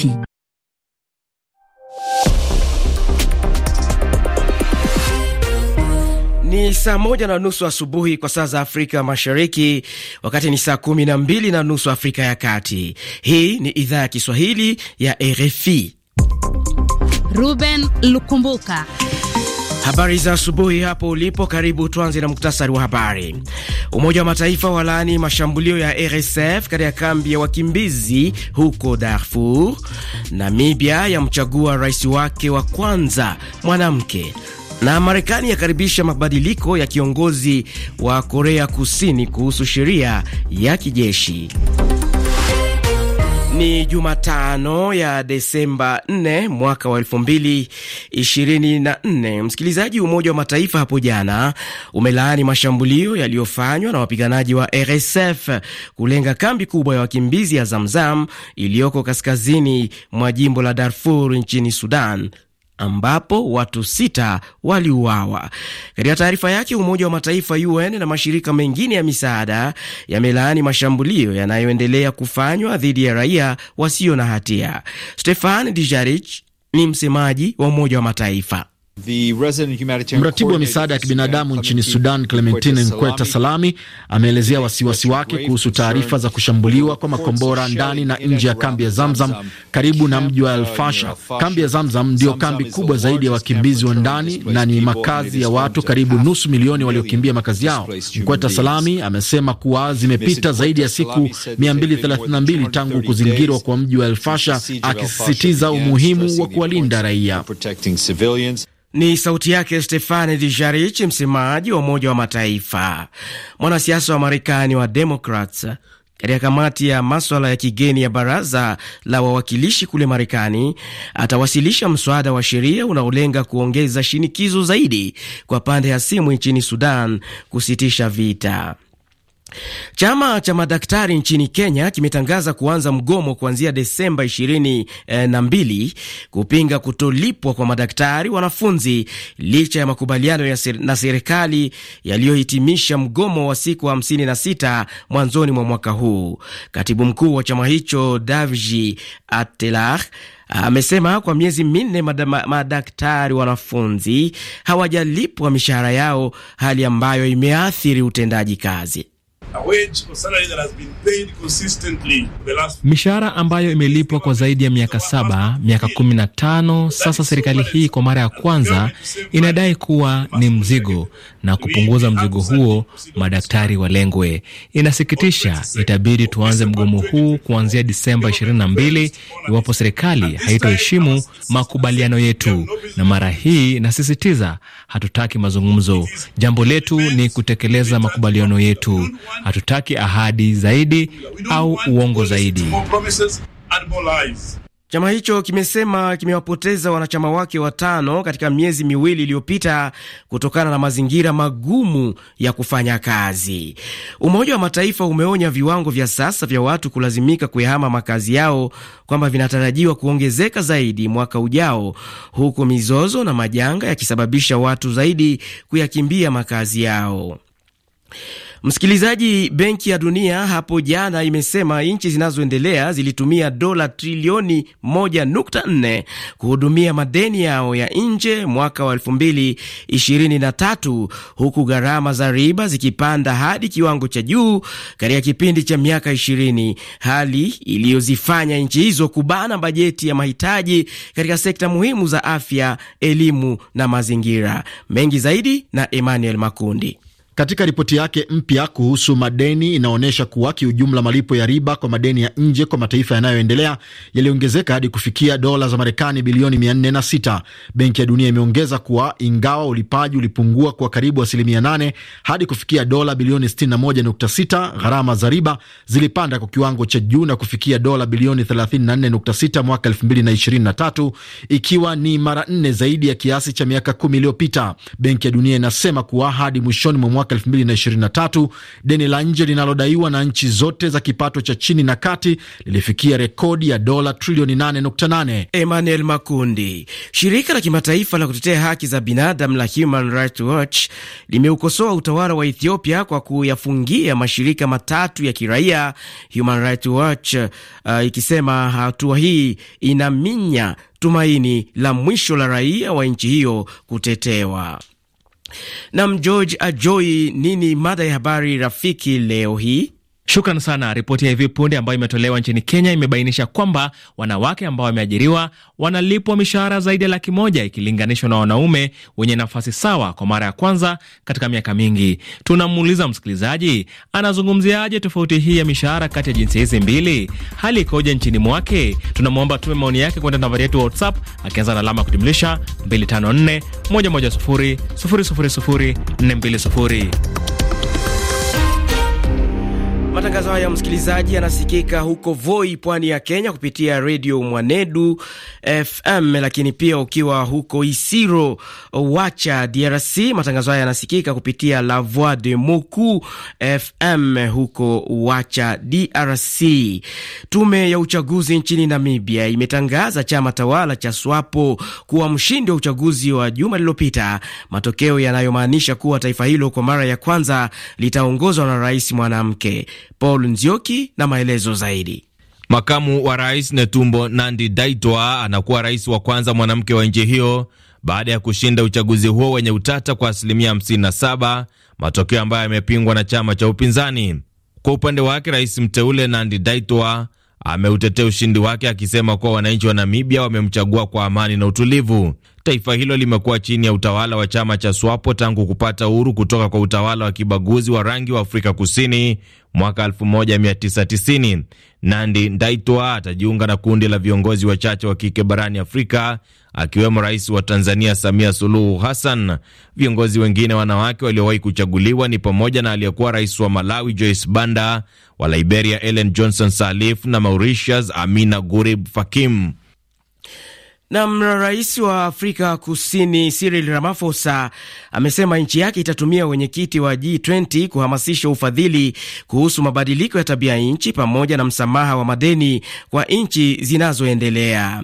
RFI. Ni saa moja na nusu asubuhi kwa saa za Afrika Mashariki, wakati ni saa kumi na mbili na nusu Afrika ya Kati. Hii ni idhaa ya Kiswahili ya RFI. Ruben Lukumbuka, habari za asubuhi hapo ulipo. Karibu tuanze na muktasari wa habari. Umoja wa Mataifa walaani mashambulio ya RSF katika kambi ya wakimbizi huko Darfur. Namibia yamchagua rais wake wa kwanza mwanamke na Marekani yakaribisha mabadiliko ya kiongozi wa Korea Kusini kuhusu sheria ya kijeshi. Ni Jumatano ya Desemba 4 mwaka wa 2024. Msikilizaji, Umoja wa Mataifa hapo jana umelaani mashambulio yaliyofanywa na wapiganaji wa RSF kulenga kambi kubwa ya wakimbizi ya Zamzam iliyoko kaskazini mwa jimbo la Darfur nchini Sudan ambapo watu sita waliuawa. Katika taarifa yake, Umoja wa Mataifa UN na mashirika mengine ya misaada yamelaani mashambulio yanayoendelea kufanywa dhidi ya raia wasio na hatia. Stefan Dijarich ni msemaji wa Umoja wa Mataifa. Mratibu wa misaada ya kibinadamu nchini Sudan, Clementine Nkweta Salami, ameelezea wasiwasi wake kuhusu taarifa za kushambuliwa kwa makombora ndani na nje ya uh, kambi ya Zamzam karibu na mji wa Elfasha. Kambi ya Zamzam ndiyo kambi kubwa zaidi ya wakimbizi wa ndani na ni makazi ya watu karibu nusu milioni waliokimbia makazi yao. Nkweta Salami amesema kuwa zimepita zaidi ya siku 232 tangu kuzingirwa kwa mji wa Elfasha, akisisitiza umuhimu wa kuwalinda raia. Ni sauti yake Stefani Dijarich, msemaji wa Umoja wa Mataifa. Mwanasiasa wa Marekani wa Demokrat katika kamati ya maswala ya kigeni ya baraza la wawakilishi kule Marekani atawasilisha mswada wa sheria unaolenga kuongeza shinikizo zaidi kwa pande ya simu nchini Sudan kusitisha vita. Chama cha madaktari nchini Kenya kimetangaza kuanza mgomo kuanzia Desemba 22 eh, kupinga kutolipwa kwa madaktari wanafunzi licha ya makubaliano ya ser na serikali yaliyohitimisha mgomo wa siku 56 mwanzoni mwa mwaka huu. Katibu mkuu wa chama hicho Davji Atelah amesema kwa miezi minne madaktari wanafunzi hawajalipwa mishahara yao, hali ambayo imeathiri utendaji kazi mishahara ambayo imelipwa kwa zaidi ya miaka saba, miaka kumi na tano sasa. Serikali hii kwa mara ya kwanza inadai kuwa ni mzigo na kupunguza mzigo huo madaktari walengwe. Inasikitisha, itabidi tuanze mgomo huu kuanzia Disemba 22 iwapo serikali haitoheshimu makubaliano yetu, na mara hii nasisitiza, hatutaki mazungumzo. Jambo letu ni kutekeleza makubaliano yetu hatutaki ahadi zaidi au uongo zaidi. Chama hicho kimesema kimewapoteza wanachama wake watano katika miezi miwili iliyopita kutokana na mazingira magumu ya kufanya kazi. Umoja wa Mataifa umeonya viwango vya sasa vya watu kulazimika kuyahama makazi yao kwamba vinatarajiwa kuongezeka zaidi mwaka ujao, huku mizozo na majanga yakisababisha watu zaidi kuyakimbia makazi yao. Msikilizaji, Benki ya Dunia hapo jana imesema nchi zinazoendelea zilitumia dola trilioni 1.4 kuhudumia madeni yao ya nje mwaka wa 2023 huku gharama za riba zikipanda hadi kiwango cha juu katika kipindi cha miaka 20, hali iliyozifanya nchi hizo kubana bajeti ya mahitaji katika sekta muhimu za afya, elimu na mazingira. Mengi zaidi na Emmanuel Makundi. Katika ripoti yake mpya kuhusu madeni inaonyesha kuwa kiujumla malipo ya riba kwa madeni ya nje kwa mataifa yanayoendelea yaliongezeka hadi kufikia dola za Marekani bilioni 406. Benki ya Dunia imeongeza kuwa ingawa ulipaji ulipungua kwa karibu asilimia 8 hadi kufikia dola bilioni 61.6, gharama za riba zilipanda kwa kiwango cha juu na kufikia dola bilioni 34.6 mwaka 2023, ikiwa ni mara nne zaidi ya kiasi cha miaka kumi iliyopita. Benki ya Dunia inasema kuwa hadi mwishoni mwa mwaka tatu. deni la nje linalodaiwa na nchi zote za kipato cha chini na kati lilifikia rekodi ya dola trilioni 8.8. Emmanuel Makundi. Shirika la kimataifa la kutetea haki za binadamu la Human Rights Watch limeukosoa utawala wa Ethiopia kwa kuyafungia mashirika matatu ya kiraia, Human Rights Watch uh, ikisema hatua hii inaminya tumaini la mwisho la raia wa nchi hiyo kutetewa. Nam George Ajoi, nini mada ya habari rafiki leo hii? Shukran sana. Ripoti ya hivi punde ambayo imetolewa nchini Kenya imebainisha kwamba wanawake ambao wameajiriwa wanalipwa mishahara zaidi ya laki moja ikilinganishwa na wanaume wenye nafasi sawa kwa mara ya kwanza katika miaka mingi. Tunamuuliza msikilizaji anazungumziaje tofauti hii ya mishahara kati ya jinsia hizi mbili, hali ikoje nchini mwake? Tunamwomba tume maoni yake kwenda nambari yetu WhatsApp akianza na alama kujumlisha 254 110 000 420. Matangazo haya msikilizaji, yanasikika huko Voi, pwani ya Kenya, kupitia redio Mwanedu FM. Lakini pia ukiwa huko Isiro wacha DRC, matangazo haya yanasikika kupitia La Voix de Moku FM huko wacha DRC. Tume ya uchaguzi nchini Namibia imetangaza chama tawala cha SWAPO kuwa mshindi wa uchaguzi wa juma lililopita, matokeo yanayomaanisha kuwa taifa hilo kwa mara ya kwanza litaongozwa na rais mwanamke. Paul Nzioki na maelezo zaidi. Makamu wa rais Netumbo Nandi Daitwa anakuwa rais wa kwanza mwanamke wa nchi hiyo baada ya kushinda uchaguzi huo wenye utata kwa asilimia 57, matokeo ambayo yamepingwa na chama cha upinzani. Kwa upande wake, rais mteule Nandi Daitwa ameutetea ushindi wake akisema kuwa wananchi wa Namibia wamemchagua kwa amani na utulivu. Taifa hilo limekuwa chini ya utawala wa chama cha SWAPO tangu kupata uhuru kutoka kwa utawala wa kibaguzi wa rangi wa Afrika Kusini mwaka 1990. Nandi Ndaitwa atajiunga na kundi la viongozi wachache wa kike barani Afrika akiwemo rais wa Tanzania Samia Suluhu Hassan. Viongozi wengine wanawake waliowahi kuchaguliwa ni pamoja na aliyekuwa rais wa Malawi Joyce Banda, wa Liberia Ellen Johnson Sirleaf na Mauritius Amina Gurib Fakim. Namna rais wa Afrika Kusini Cyril Ramaphosa amesema nchi yake itatumia wenyekiti wa G20 kuhamasisha ufadhili kuhusu mabadiliko ya tabia nchi pamoja na msamaha wa madeni kwa nchi zinazoendelea.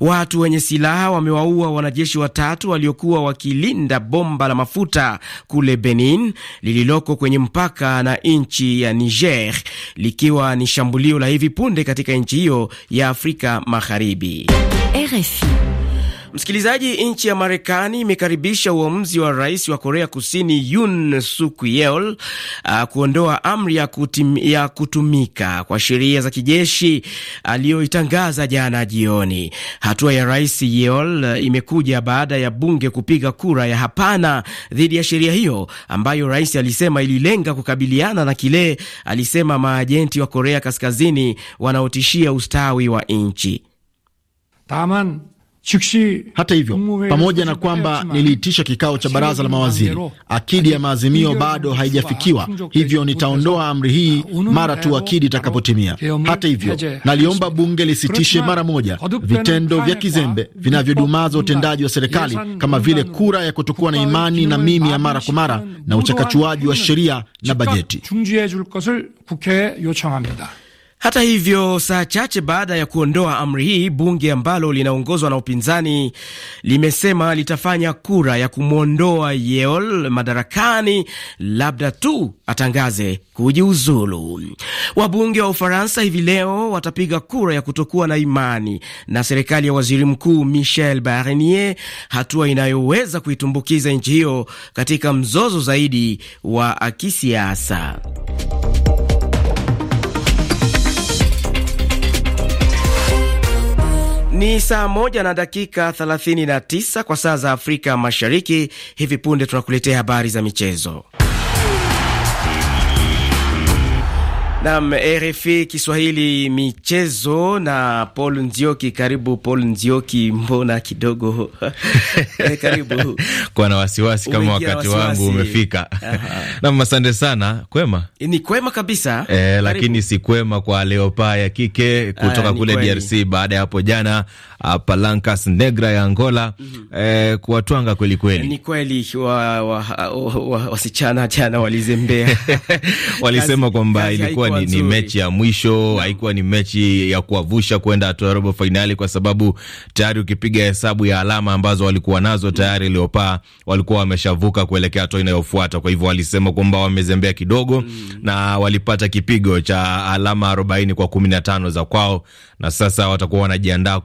Watu wenye silaha wamewaua wanajeshi watatu waliokuwa wakilinda bomba la mafuta kule Benin lililoko kwenye mpaka na nchi ya Niger, likiwa ni shambulio la hivi punde katika nchi hiyo ya Afrika Magharibi. RFI. Msikilizaji, nchi ya Marekani imekaribisha uamuzi wa rais wa Korea Kusini Yoon Suk Yeol uh, kuondoa amri ya, kutim, ya kutumika kwa sheria za kijeshi aliyoitangaza jana jioni. Hatua ya rais Yeol uh, imekuja baada ya bunge kupiga kura ya hapana dhidi ya sheria hiyo ambayo rais alisema ililenga kukabiliana na kile alisema maajenti wa Korea Kaskazini wanaotishia ustawi wa nchi. Taman hata hivyo, pamoja na kwamba niliitisha kikao cha baraza la mawaziri, akidi ya maazimio bado haijafikiwa, hivyo nitaondoa amri hii mara tu akidi itakapotimia. Hata hivyo, naliomba bunge lisitishe mara moja vitendo vya kizembe vinavyodumaza utendaji wa serikali kama vile kura ya kutokuwa na imani na mimi ya mara kwa mara na uchakachuaji wa sheria na bajeti. Hata hivyo, saa chache baada ya kuondoa amri hii, bunge ambalo linaongozwa na upinzani limesema litafanya kura ya kumwondoa Yeol madarakani, labda tu atangaze kujiuzulu. Wabunge wa Ufaransa hivi leo watapiga kura ya kutokuwa na imani na serikali ya waziri mkuu Michel Barnier, hatua inayoweza kuitumbukiza nchi hiyo katika mzozo zaidi wa kisiasa. Ni saa moja na dakika 39 kwa saa za Afrika Mashariki. Hivi punde tunakuletea habari za michezo. Nam RFI Kiswahili michezo na Paul Nzioki. Karibu Paul Nzioki, mbona kidogo eh, karibu kwa na wasiwasi kama wakati wasiwasi wangu umefika. Nam, asante sana. Kwema ni kwema kabisa e, lakini si kwema kwa Leopa ya kike ah, kutoka kule DRC baada ya hapo jana ah, Palancas Negra ya Angola mm -hmm. e, kuwatwanga kwelikweli. Ni kweli wasichana wa, wa, wa, wa, jana walizembea walisema kwamba ilikuwa ni, ni mechi ya mwisho, haikuwa ni mechi ya kuwavusha kwenda hatua robo fainali, kwa sababu tayari ukipiga hesabu ya alama ambazo walikuwa nazo tayari, Leopards walikuwa wameshavuka kuelekea hatua inayofuata. Kwa hivyo walisema kwamba wamezembea kidogo mm, na walipata kipigo cha alama arobaini kwa kumi na tano za kwao, na sasa watakuwa wanajiandaa